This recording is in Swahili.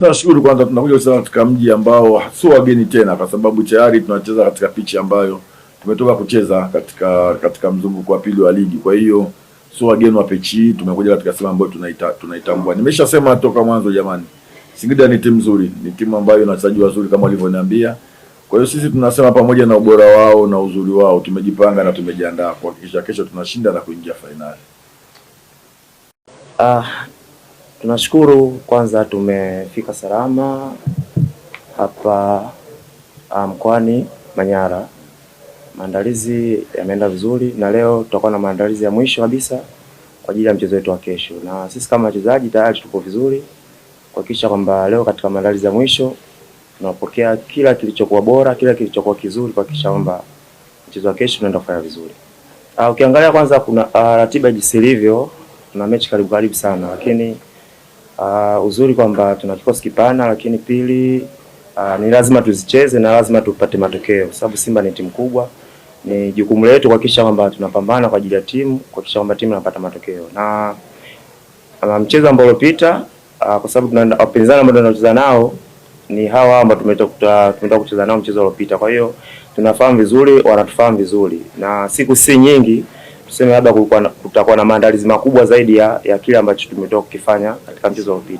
Tunashukuru kwanza, tunakuja kucheza katika mji ambao sio wageni tena, kwa sababu tayari tunacheza katika pichi ambayo tumetoka kucheza katika katika mzunguko wa pili wa ligi. Kwa hiyo sio wageni wa pichi hii, tumekuja katika sehemu ambayo tunaita tunaitambua. Nimeshasema toka mwanzo, jamani, Singida ni timu nzuri, ni timu ambayo ina wachezaji wazuri kama walivyoniambia. Kwa hiyo sisi tunasema pamoja na ubora wao na uzuri wao, tumejipanga na tumejiandaa kuhakikisha kesho tunashinda na kuingia fainali. Uh, ah, Tunashukuru kwanza, tumefika salama hapa ah, mkoani Manyara. Maandalizi yameenda vizuri, na leo tutakuwa na maandalizi ya mwisho kabisa kwa ajili ya mchezo wetu wa kesho, na sisi kama wachezaji tayari tupo vizuri kuhakikisha kwamba leo katika maandalizi ya mwisho tunapokea kila kilichokuwa bora, kila kilichokuwa kizuri kuhakikisha kwamba mchezo wa kesho unaenda kufanya vizuri. Ah, ukiangalia kwanza, kuna ah, ratiba jinsi ilivyo, tuna mechi karibu karibu sana lakini Uh, uzuri kwamba tuna kikosi kipana, lakini pili uh, ni lazima tuzicheze na lazima tupate matokeo, sababu Simba ni timu kubwa. Ni jukumu letu kuhakikisha kwamba tunapambana kwa ajili ya timu, kuhakikisha kwamba timu inapata matokeo na ama mchezo ambao uliopita uh, kwa sababu tuna wapinzani ambao tunacheza nao ni hawa ambao tumetokuta tumetoka kucheza nao mchezo uliopita. Kwa hiyo tunafahamu vizuri, wanatufahamu vizuri na siku si nyingi tuseme labda kutakuwa na maandalizi makubwa zaidi ya, ya kile ambacho tumetoka kukifanya katika mchezo wa pili.